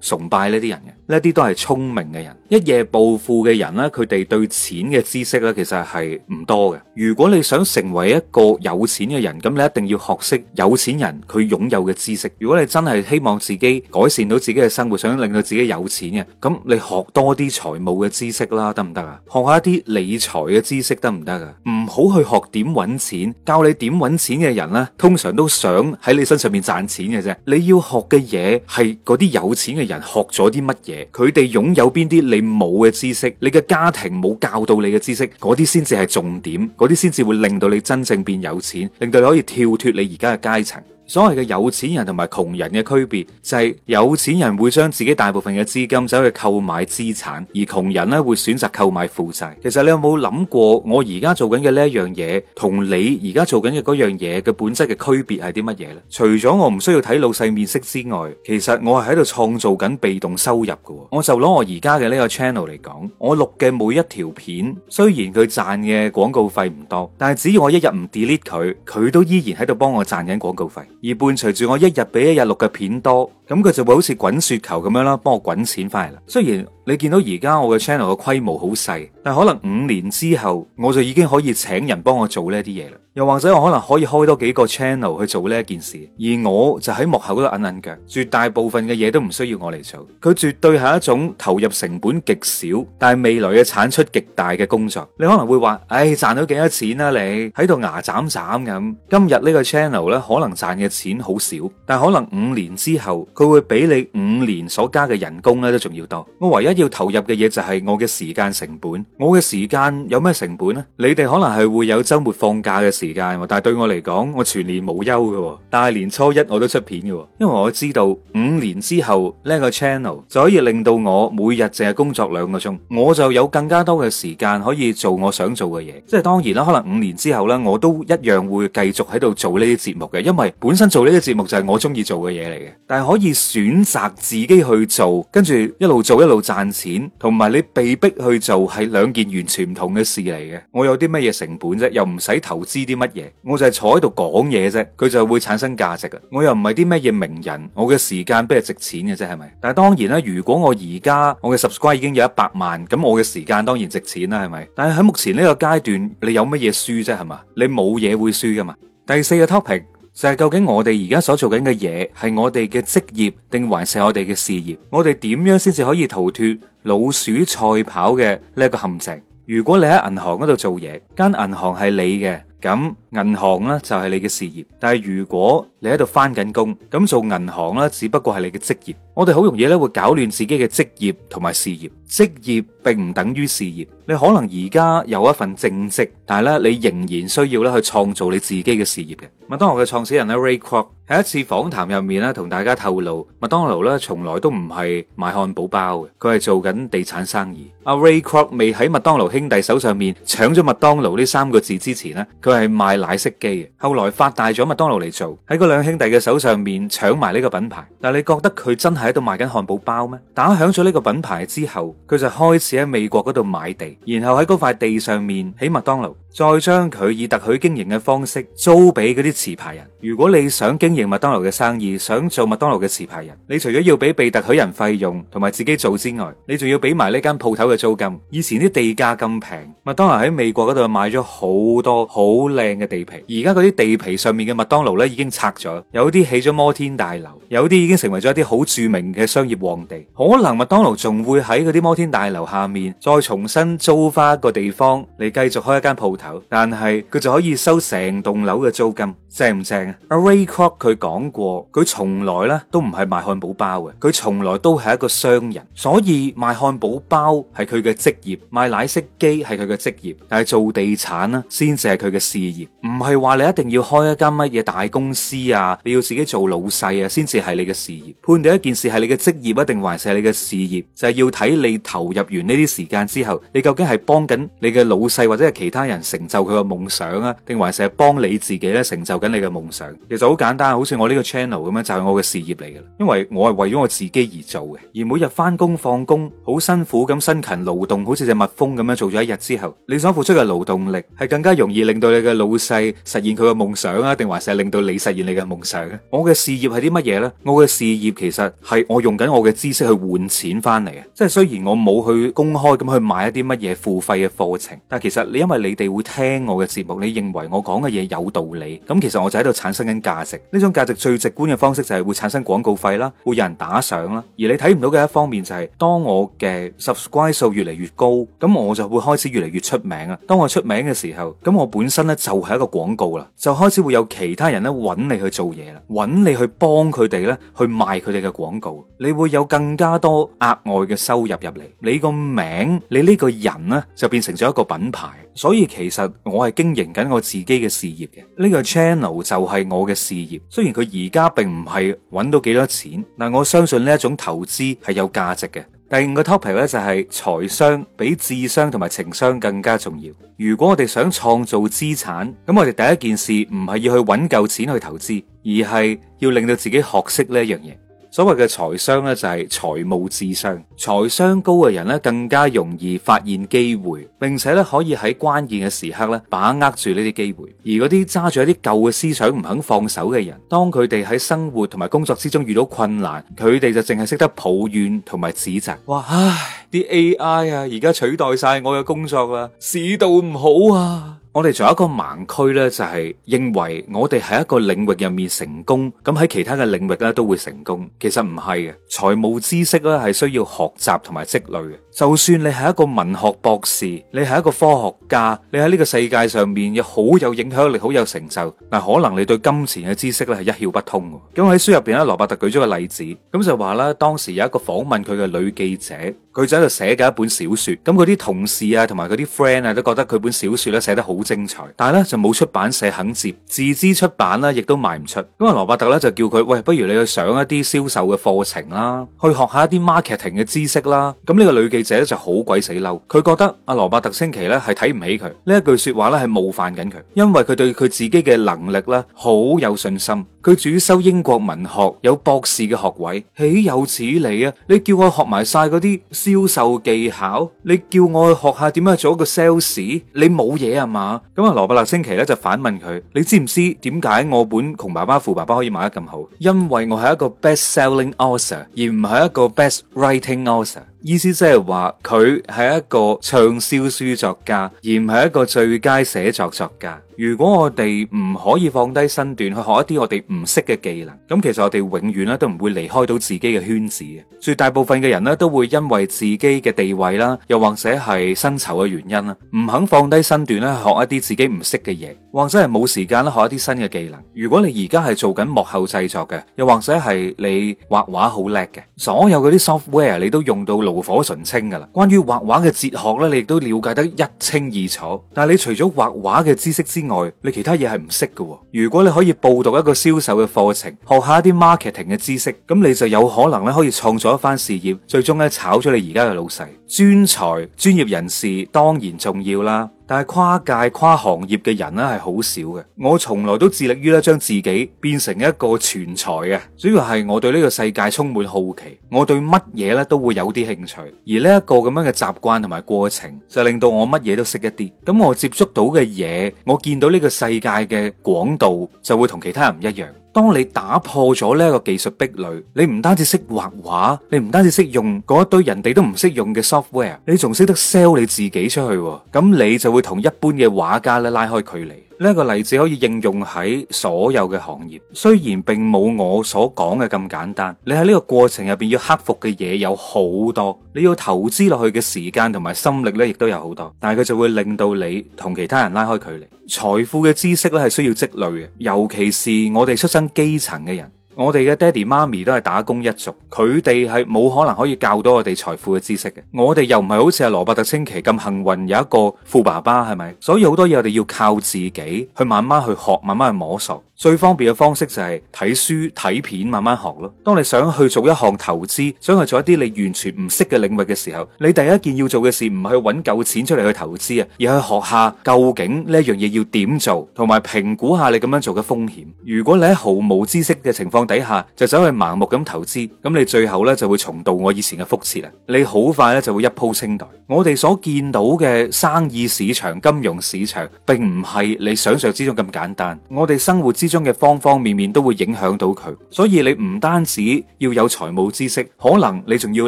S1: 崇拜呢啲人嘅。呢啲都係聰明嘅人，一夜暴富嘅人呢，佢哋對錢嘅知識呢，其實係唔多嘅。如果你想成為一個有錢嘅人，咁你一定要學識有錢人佢擁有嘅知識。如果你真係希望自己改善到自己嘅生活，想令到自己有錢嘅，咁你學多啲財務嘅知識啦，得唔得啊？學下一啲理財嘅知識，得唔得啊？唔好去學點揾錢，教你點揾錢嘅人呢，通常都想喺你身上面賺錢嘅啫。你要學嘅嘢係嗰啲有錢嘅人學咗啲乜嘢？佢哋擁有邊啲你冇嘅知識，你嘅家庭冇教到你嘅知識，嗰啲先至係重點，嗰啲先至會令到你真正變有錢，令到你可以跳脫你而家嘅階層。所謂嘅有錢人同埋窮人嘅區別，就係有錢人會將自己大部分嘅資金走去購買資產，而窮人咧會選擇購買負債。其實你有冇諗過，我而家做緊嘅呢一樣嘢，同你而家做緊嘅嗰樣嘢嘅本質嘅區別係啲乜嘢呢？除咗我唔需要睇老細面色之外，其實我係喺度創造緊被動收入嘅。我就攞我而家嘅呢個 channel 嚟講，我錄嘅每一條片，雖然佢賺嘅廣告費唔多，但係只要我一日唔 delete 佢，佢都依然喺度幫我賺緊廣告費。而伴隨住我一日比一日錄嘅片多，咁佢就會好似滾雪球咁樣啦，幫我滾錢翻嚟啦。雖然，你見到而家我嘅 channel 嘅規模好細，但可能五年之後我就已經可以請人幫我做呢啲嘢啦。又或者我可能可以開多幾個 channel 去做呢一件事，而我就喺幕後嗰度揞揞腳，絕大部分嘅嘢都唔需要我嚟做。佢絕對係一種投入成本極少，但係未來嘅產出極大嘅工作。你可能會話：「唉、哎，賺到幾多錢啊？你喺度牙斬斬咁。今日呢個 channel 呢，可能賺嘅錢好少，但可能五年之後佢會比你五年所加嘅人工呢都仲要多。我唯一要投入嘅嘢就係我嘅時間成本，我嘅時間有咩成本咧你哋可能係會有周末放假嘅時間，但係對我嚟講，我全年無休嘅，大年初一我都出片嘅，因為我知道五年之後呢個 channel 就可以令到我每日淨係工作兩個鐘，我就有更加多嘅時間可以做我想做嘅嘢。即係當然啦，可能五年之後咧，我都一樣會繼續喺度做呢啲節目嘅，因為本身做呢啲節目就係我中意做嘅嘢嚟嘅，但係可以選擇自己去做，跟住一路做一路賺。錢同埋你被逼去做係兩件完全唔同嘅事嚟嘅。我有啲乜嘢成本啫？又唔使投資啲乜嘢，我就係坐喺度講嘢啫。佢就會產生價值啊！我又唔係啲乜嘢名人，我嘅時間邊係值錢嘅啫？係咪？但係當然啦，如果我而家我嘅 subscribe 已經有一百萬，咁我嘅時間當然值錢啦。係咪？但係喺目前呢個階段，你有乜嘢輸啫？係嘛，你冇嘢會輸噶嘛。第四個 topic。就係究竟我哋而家所做緊嘅嘢係我哋嘅職業定還是我哋嘅事業？我哋點樣先至可以逃脱老鼠賽跑嘅呢一個陷阱？如果你喺銀行嗰度做嘢，間銀行係你嘅，咁。銀行咧就係你嘅事業，但係如果你喺度返緊工，咁做銀行咧只不過係你嘅職業。我哋好容易咧會搞亂自己嘅職業同埋事業。職業並唔等於事業。你可能而家有一份正職，但係咧你仍然需要咧去創造你自己嘅事業嘅。麥當勞嘅創始人咧 Ray Kroc 喺一次訪談入面咧同大家透露，麥當勞咧從來都唔係賣漢堡包嘅，佢係做緊地產生意。阿 Ray Kroc 未喺麥當勞兄弟手上面搶咗麥當勞呢三個字之前咧，佢係賣。奶昔機啊！後來發大咗麥當勞嚟，做喺個兩兄弟嘅手上面搶埋呢個品牌。但係你覺得佢真係喺度賣緊漢堡包咩？打響咗呢個品牌之後，佢就開始喺美國嗰度買地，然後喺嗰塊地上面起麥當勞，再將佢以特許經營嘅方式租俾嗰啲持牌人。如果你想經營麥當勞嘅生意，想做麥當勞嘅持牌人，你除咗要俾被特許人費用同埋自己做之外，你仲要俾埋呢間鋪頭嘅租金。以前啲地價咁平，麥當勞喺美國嗰度買咗好多好靚嘅。地皮而家嗰啲地皮上面嘅麥當勞咧已經拆咗，有啲起咗摩天大樓，有啲已經成為咗一啲好著名嘅商業旺地。可能麥當勞仲會喺嗰啲摩天大樓下面再重新租翻個地方嚟繼續開一間鋪頭，但係佢就可以收成棟樓嘅租金，正唔正啊？Ray Kroc 佢講過，佢從來咧都唔係賣漢堡包嘅，佢從來都係一個商人，所以賣漢堡包係佢嘅職業，賣奶昔機係佢嘅職業，但係做地產咧先至係佢嘅事業。唔係話你一定要開一間乜嘢大公司啊，你要自己做老細啊，先至係你嘅事業。判斷一件事係你嘅職業一定還是係你嘅事業，就係要睇你投入完呢啲時間之後，你究竟係幫緊你嘅老細或者係其他人成就佢個夢想啊，定還是係幫你自己咧成就緊你嘅夢想。其實好簡單，好似我呢個 channel 咁樣，就係我嘅事業嚟嘅。因為我係為咗我自己而做嘅，而每日翻工放工，好辛苦咁辛勤勞動，好似隻蜜蜂咁樣做咗一日之後，你想付出嘅勞動力係更加容易令到你嘅老。就係實現佢嘅夢想啊，定還是係令到你實現你嘅夢想？我嘅事業係啲乜嘢咧？我嘅事業其實係我用緊我嘅知識去換錢翻嚟嘅。即係雖然我冇去公開咁去買一啲乜嘢付費嘅課程，但其實你因為你哋會聽我嘅節目，你認為我講嘅嘢有道理，咁其實我就喺度產生緊價值。呢種價值最直觀嘅方式就係會產生廣告費啦，會有人打賞啦。而你睇唔到嘅一方面就係、是、當我嘅 subscribe 數越嚟越高，咁我就會開始越嚟越出名啊。當我出名嘅時候，咁我本身咧就係一個廣告啦，就開始會有其他人咧揾你去做嘢啦，揾你去幫佢哋咧去賣佢哋嘅廣告，你會有更加多額外嘅收入入嚟。你個名，你呢個人呢，就變成咗一個品牌。所以其實我係經營緊我自己嘅事業嘅，呢個 channel 就係我嘅事業。雖然佢而家並唔係揾到幾多錢，但我相信呢一種投資係有價值嘅。第五個 topic 咧就係財商比智商同埋情商更加重要。如果我哋想創造資產，咁我哋第一件事唔係要去揾夠錢去投資，而係要令到自己學識呢一樣嘢。所謂嘅財商咧就係財務智商，財商高嘅人咧更加容易發現機會，並且咧可以喺關鍵嘅時刻咧把握住呢啲機會。而嗰啲揸住一啲舊嘅思想唔肯放手嘅人，當佢哋喺生活同埋工作之中遇到困難，佢哋就淨係識得抱怨同埋指責。哇，唉，啲 AI 啊，而家取代晒我嘅工作啦，市道唔好啊！我哋仲有一個盲區咧，就係認為我哋喺一個領域入面成功，咁喺其他嘅領域咧都會成功。其實唔係嘅，財務知識咧係需要學習同埋積累嘅。就算你係一個文學博士，你係一個科學家，你喺呢個世界上面又好有影響力、好有成就，嗱，可能你對金錢嘅知識咧係一竅不通喎。咁喺書入邊咧，羅伯特舉咗個例子，咁就話啦，當時有一個訪問佢嘅女記者，佢就喺度寫緊一本小説，咁佢啲同事啊，同埋佢啲 friend 啊都覺得佢本小説咧寫得好精彩，但係咧就冇出版社肯接，自資出版咧亦都賣唔出，咁啊羅伯特咧就叫佢喂，不如你去上一啲銷售嘅課程啦，去學下一啲 marketing 嘅知識啦，咁呢個女記，者就好鬼死嬲，佢覺得阿羅伯特清崎咧係睇唔起佢，呢一句說話咧係冒犯緊佢。因 為樂，佢對佢自己嘅能力咧好有信心。 佢主修英國文學，有博士嘅學位，豈有此理啊！你叫我學埋晒嗰啲銷售技巧，你叫我去學下點樣做一個 sales，你冇嘢啊嘛？咁啊，羅伯特清崎咧就反問佢：你知唔知點解我本窮爸爸富爸爸可以賣得咁好？因為我係一個 best selling author，而唔係一個 best writing author。意思即係話佢係一個暢銷書作家，而唔係一個最佳寫作作家。如果我哋唔可以放低身段去學一啲我哋。唔識嘅技能，咁其實我哋永遠咧都唔會離開到自己嘅圈子嘅。絕大部分嘅人咧都會因為自己嘅地位啦，又或者係薪酬嘅原因啦，唔肯放低身段咧學一啲自己唔識嘅嘢，或者係冇時間咧學一啲新嘅技能。如果你而家係做緊幕後製作嘅，又或者係你畫畫好叻嘅，所有嗰啲 software 你都用到爐火純青噶啦。關於畫畫嘅哲學咧，你亦都了解得一清二楚。但係你除咗畫畫嘅知識之外，你其他嘢係唔識噶。如果你可以報讀一個消銷售嘅課程，學下一啲 marketing 嘅知識，咁你就有可能咧可以創造一番事業，最終咧炒咗你而家嘅老細。專才、專業人士當然重要啦。但係跨界跨行業嘅人咧係好少嘅，我從來都致力於咧將自己變成一個全才嘅。主要係我對呢個世界充滿好奇，我對乜嘢咧都會有啲興趣。而呢一個咁樣嘅習慣同埋過程，就令到我乜嘢都識一啲。咁我接觸到嘅嘢，我見到呢個世界嘅廣度，就會同其他人唔一樣。當你打破咗呢一個技術壁壘，你唔單止識畫畫，你唔單止識用嗰一堆人哋都唔識用嘅 software，你仲識得 sell 你自己出去，咁你就會同一般嘅畫家咧拉開距離。呢個例子可以應用喺所有嘅行業，雖然並冇我所講嘅咁簡單，你喺呢個過程入邊要克服嘅嘢有好多，你要投資落去嘅時間同埋心力呢，亦都有好多，但係佢就會令到你同其他人拉開距離。財富嘅知識呢，係需要積累嘅，尤其是我哋出身基層嘅人。我哋嘅爹哋媽咪都係打工一族，佢哋係冇可能可以教到我哋財富嘅知識嘅。我哋又唔係好似阿羅伯特清崎咁幸運有一個富爸爸，係咪？所以好多嘢我哋要靠自己去慢慢去學，慢慢去摸索。最方便嘅方式就係睇書睇片慢慢學咯。當你想去做一項投資，想去做一啲你完全唔識嘅領域嘅時候，你第一件要做嘅事唔係去揾夠錢出嚟，去投資啊，而去學下究竟呢一樣嘢要點做，同埋評估下你咁樣做嘅風險。如果你喺毫無知識嘅情況底下就走去盲目咁投資，咁你最後咧就會重蹈我以前嘅覆轍啦。你好快咧就會一鋪清袋。我哋所見到嘅生意市場、金融市場，並唔係你想象之中咁簡單。我哋生活之中嘅方方面面都會影響到佢，所以你唔單止要有財務知識，可能你仲要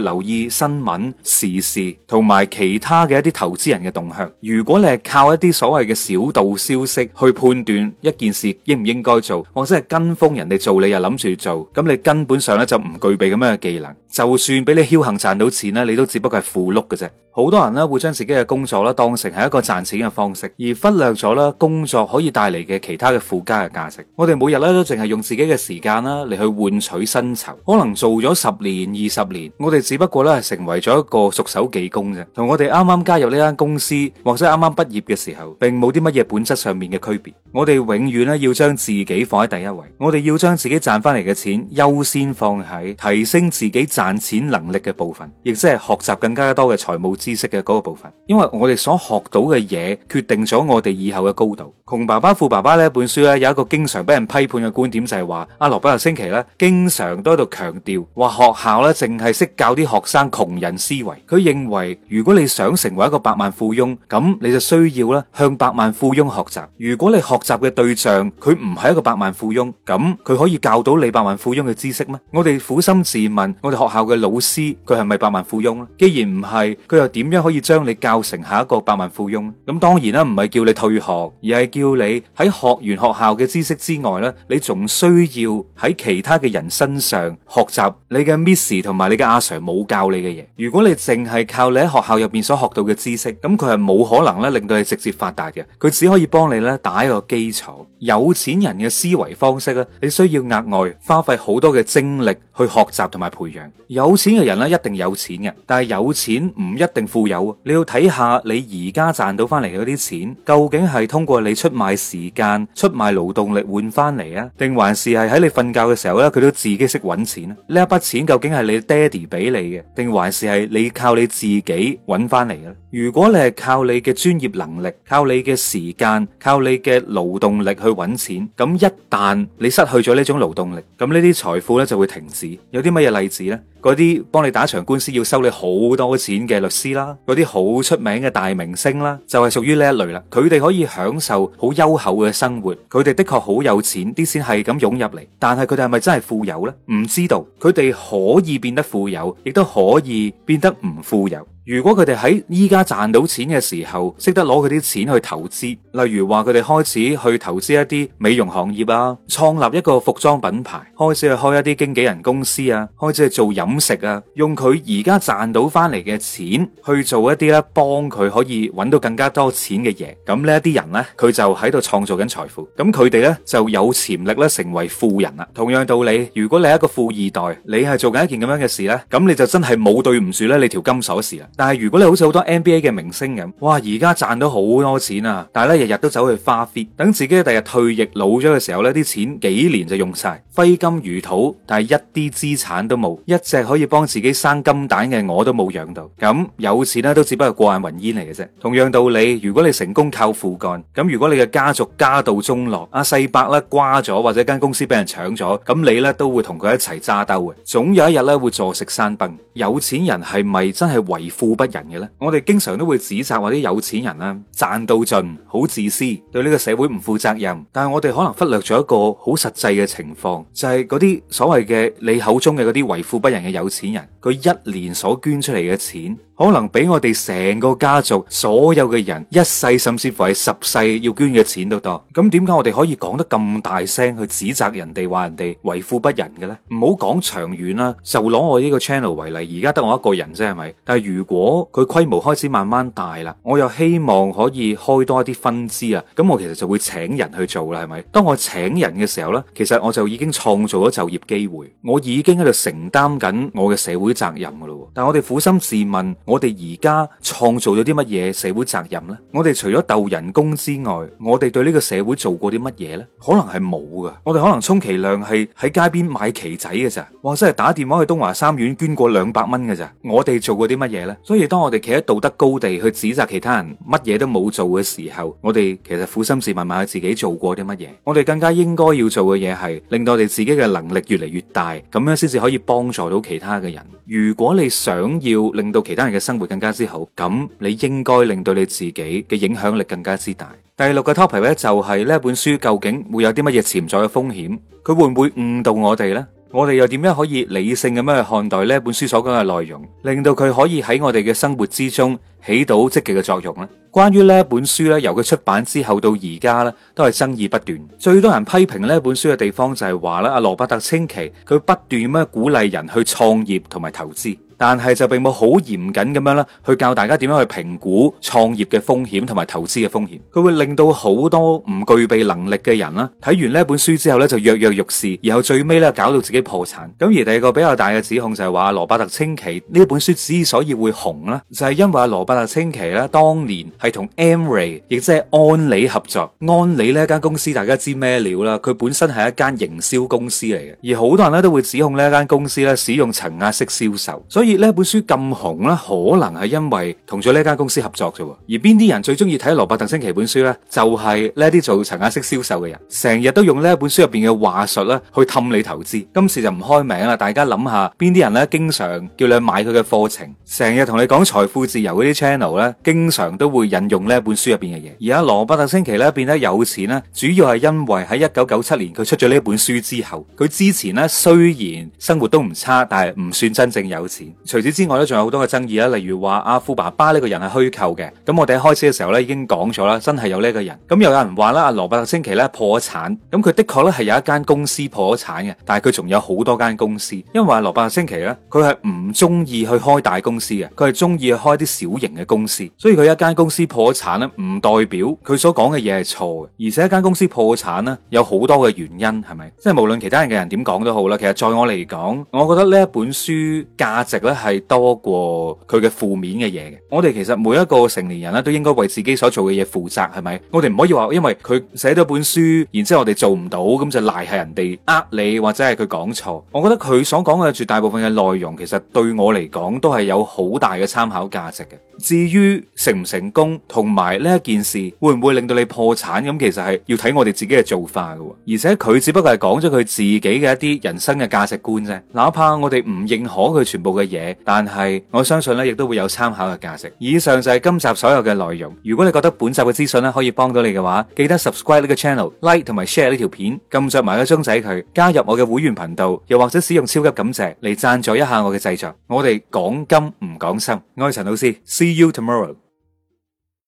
S1: 留意新聞時事同埋其他嘅一啲投資人嘅動向。如果你係靠一啲所謂嘅小道消息去判斷一件事應唔應該做，或者係跟風人哋做，你又諗住做，咁你根本上咧就唔具備咁樣嘅技能。就算俾你僥幸賺到錢咧，你都只不過係富碌嘅啫。好多人咧會將自己嘅工作啦當成係一個賺錢嘅方式，而忽略咗啦工作可以帶嚟嘅其他嘅附加嘅價值。我哋每日咧都淨係用自己嘅時間啦嚟去換取薪酬，可能做咗十年、二十年，我哋只不過咧係成為咗一個熟手技工啫，同我哋啱啱加入呢間公司或者啱啱畢業嘅時候，並冇啲乜嘢本質上面嘅區別。我哋永遠咧要將自己放喺第一位，我哋要將自己賺翻嚟嘅錢優先放喺提升自己賺錢能力嘅部分，亦即係學習更加多嘅財務知識嘅嗰個部分。因為我哋所學到嘅嘢，決定咗我哋以後嘅高度。窮爸爸富爸爸呢一本書咧有一個經常。俾人批判嘅觀點就係話阿羅伯特·清崎咧，經常都喺度強調，話學校咧淨係識教啲學生窮人思維。佢認為如果你想成為一個百萬富翁，咁你就需要咧向百萬富翁學習。如果你學習嘅對象佢唔係一個百萬富翁，咁佢可以教到你百萬富翁嘅知識咩？我哋苦心自問，我哋學校嘅老師佢係咪百萬富翁咧？既然唔係，佢又點樣可以將你教成下一個百萬富翁咧？咁當然啦，唔係叫你退學，而係叫你喺學完學校嘅知識之之外咧，你仲需要喺其他嘅人身上學習你嘅 Miss 同埋你嘅阿 Sir 冇教你嘅嘢。如果你淨係靠你喺學校入邊所學到嘅知識，咁佢係冇可能咧令到你直接發達嘅。佢只可以幫你咧打一個基礎。有錢人嘅思維方式咧，你需要額外花費好多嘅精力去學習同埋培養。有錢嘅人咧一定有錢嘅，但係有錢唔一定富有。你要睇下你而家賺到翻嚟嗰啲錢究竟係通過你出賣時間、出賣勞動力換翻嚟啊？定還是係喺你瞓覺嘅時候咧，佢都自己識揾錢啊？呢一筆錢究竟係你爹哋俾你嘅，定還是係你靠你自己揾翻嚟嘅？如果你係靠你嘅專業能力、靠你嘅時間、靠你嘅勞動力去揾錢，咁一旦你失去咗呢種勞動力，咁呢啲財富呢就會停止。有啲乜嘢例子呢？嗰啲幫你打場官司要收你好多錢嘅律師啦，嗰啲好出名嘅大明星啦，就係屬於呢一類啦。佢哋可以享受好優厚嘅生活，佢哋的確好。好有錢，啲先，係咁湧入嚟，但係佢哋係咪真係富有咧？唔知道，佢哋可以變得富有，亦都可以變得唔富有。如果佢哋喺依家賺到錢嘅時候，識得攞佢啲錢去投資，例如話佢哋開始去投資一啲美容行業啊，創立一個服裝品牌，開始去開一啲經紀人公司啊，開始去做飲食啊，用佢而家賺到翻嚟嘅錢去做一啲咧幫佢可以揾到更加多錢嘅嘢。咁呢一啲人呢，佢就喺度創造緊財富。咁佢哋呢就有潛力咧成為富人啦。同樣道理，如果你係一個富二代，你係做緊一件咁樣嘅事呢，咁你就真係冇對唔住咧你條金鎖匙啦。但係如果你好似好多 NBA 嘅明星咁，哇！而家賺到好多錢啊，但係咧日日都走去花費，等自己第日退役老咗嘅時候，呢啲錢幾年就用晒，揮金如土，但係一啲資產都冇，一隻可以幫自己生金蛋嘅鵝，都冇養到，咁有錢咧、啊、都只不過過眼雲煙嚟嘅啫。同樣道理，如果你成功靠父幹，咁如果你嘅家族家道中落，阿、啊、細伯咧瓜咗或者間公司俾人搶咗，咁你咧都會同佢一齊揸兜嘅，總有一日咧會坐食山崩。有錢人係咪真係為富？富不仁嘅咧，我哋經常都會指責嗰啲有錢人啊，賺到盡，好自私，對呢個社會唔負責任。但係我哋可能忽略咗一個好實際嘅情況，就係嗰啲所謂嘅你口中嘅嗰啲為富不仁嘅有錢人，佢一年所捐出嚟嘅錢。可能俾我哋成個家族所有嘅人一世，甚至乎係十世要捐嘅錢都多。咁點解我哋可以講得咁大聲去指責人哋，話人哋為富不仁嘅咧？唔好講長遠啦，就攞我呢個 channel 為例，而家得我一個人啫，係咪？但係如果佢規模開始慢慢大啦，我又希望可以開多一啲分支啊。咁我其實就會請人去做啦，係咪？當我請人嘅時候呢，其實我就已經創造咗就業機會，我已經喺度承擔緊我嘅社會責任噶咯。但我哋苦心自問。我哋而家創造咗啲乜嘢社會責任呢？我哋除咗鬥人工之外，我哋對呢個社會做過啲乜嘢呢？可能係冇噶。我哋可能充其量係喺街邊賣旗仔嘅咋。哇！真係打電話去東華三院捐過兩百蚊嘅咋。我哋做過啲乜嘢呢？所以當我哋企喺道德高地去指責其他人乜嘢都冇做嘅時候，我哋其實苦心自問問下自己做過啲乜嘢。我哋更加應該要做嘅嘢係令到我哋自己嘅能力越嚟越大，咁樣先至可以幫助到其他嘅人。如果你想要令到其他人嘅生活更加之好，咁你應該令到你自己嘅影響力更加之大。第六個 topic 咧就係呢一本書究竟會有啲乜嘢潛在嘅風險？佢會唔會誤導我哋咧？我哋又點樣可以理性咁樣去看待呢一本書所講嘅內容，令到佢可以喺我哋嘅生活之中起到積極嘅作用咧？關於呢一本書咧，由佢出版之後到而家咧，都係爭議不斷。最多人批評呢一本書嘅地方就係話咧，阿羅伯特清奇佢不斷咁樣鼓勵人去創業同埋投資。但係就並冇好嚴謹咁樣啦，去教大家點樣去評估創業嘅風險同埋投資嘅風險。佢會令到好多唔具備能力嘅人啦，睇完呢本書之後咧，就躍躍欲試，然後最尾咧搞到自己破產。咁而第二個比較大嘅指控就係話羅伯特清奇呢本書之所以會紅啦，就係因為阿羅伯特清奇咧當年係同 Amway，亦即係安利合作。安利呢一間公司大家知咩料啦？佢本身係一間營銷公司嚟嘅，而好多人咧都會指控呢一間公司咧使用層壓式銷售，所以，呢本書咁紅啦，可能係因為同咗呢間公司合作啫。而邊啲人最中意睇羅伯特·清崎本書呢？就係呢啲做層壓式銷售嘅人，成日都用呢一本書入邊嘅話術啦，去氹你投資。今次就唔開名啦，大家諗下邊啲人咧，經常叫你買佢嘅課程，成日同你講財富自由嗰啲 channel 咧，經常都會引用呢一本書入邊嘅嘢。而家羅伯特·清崎咧變得有錢咧，主要係因為喺一九九七年佢出咗呢本書之後，佢之前咧雖然生活都唔差，但係唔算真正有錢。除此之外咧，仲有好多嘅爭議啦，例如話阿富爸爸呢個人係虛構嘅。咁我哋喺開始嘅時候咧已經講咗啦，真係有呢一個人。咁又有人話啦，阿羅伯特·星奇咧破咗產。咁佢的確咧係有一間公司破咗產嘅，但係佢仲有好多間公司。因為羅伯特·星奇呢，佢係唔中意去開大公司嘅，佢係中意開啲小型嘅公司。所以佢一間公司破咗產咧，唔代表佢所講嘅嘢係錯嘅。而且一間公司破咗產咧，有好多嘅原因，係咪？即係無論其他人嘅人點講都好啦。其實在我嚟講，我覺得呢一本書價值係多過佢嘅負面嘅嘢嘅。我哋其實每一個成年人咧都應該為自己所做嘅嘢負責，係咪？我哋唔可以話因為佢寫咗本書，然之後我哋做唔到，咁就賴係人哋，呃、你或者係佢講錯。我覺得佢所講嘅絕大部分嘅內容，其實對我嚟講都係有好大嘅參考價值嘅。至於成唔成功，同埋呢一件事會唔會令到你破產，咁其實係要睇我哋自己嘅做法噶。而且佢只不過係講咗佢自己嘅一啲人生嘅價值觀啫。哪怕我哋唔認可佢全部嘅。嘢，但係我相信咧，亦都會有參考嘅價值。以上就係今集所有嘅內容。如果你覺得本集嘅資訊咧可以幫到你嘅話，記得 subscribe 呢個 channel、like 同埋 share 呢條片，撳着埋個鐘仔佢，加入我嘅會員頻道，又或者使用超級感謝嚟贊助一下我嘅製作。我哋講金唔講心，我係陳老師，see you tomorrow。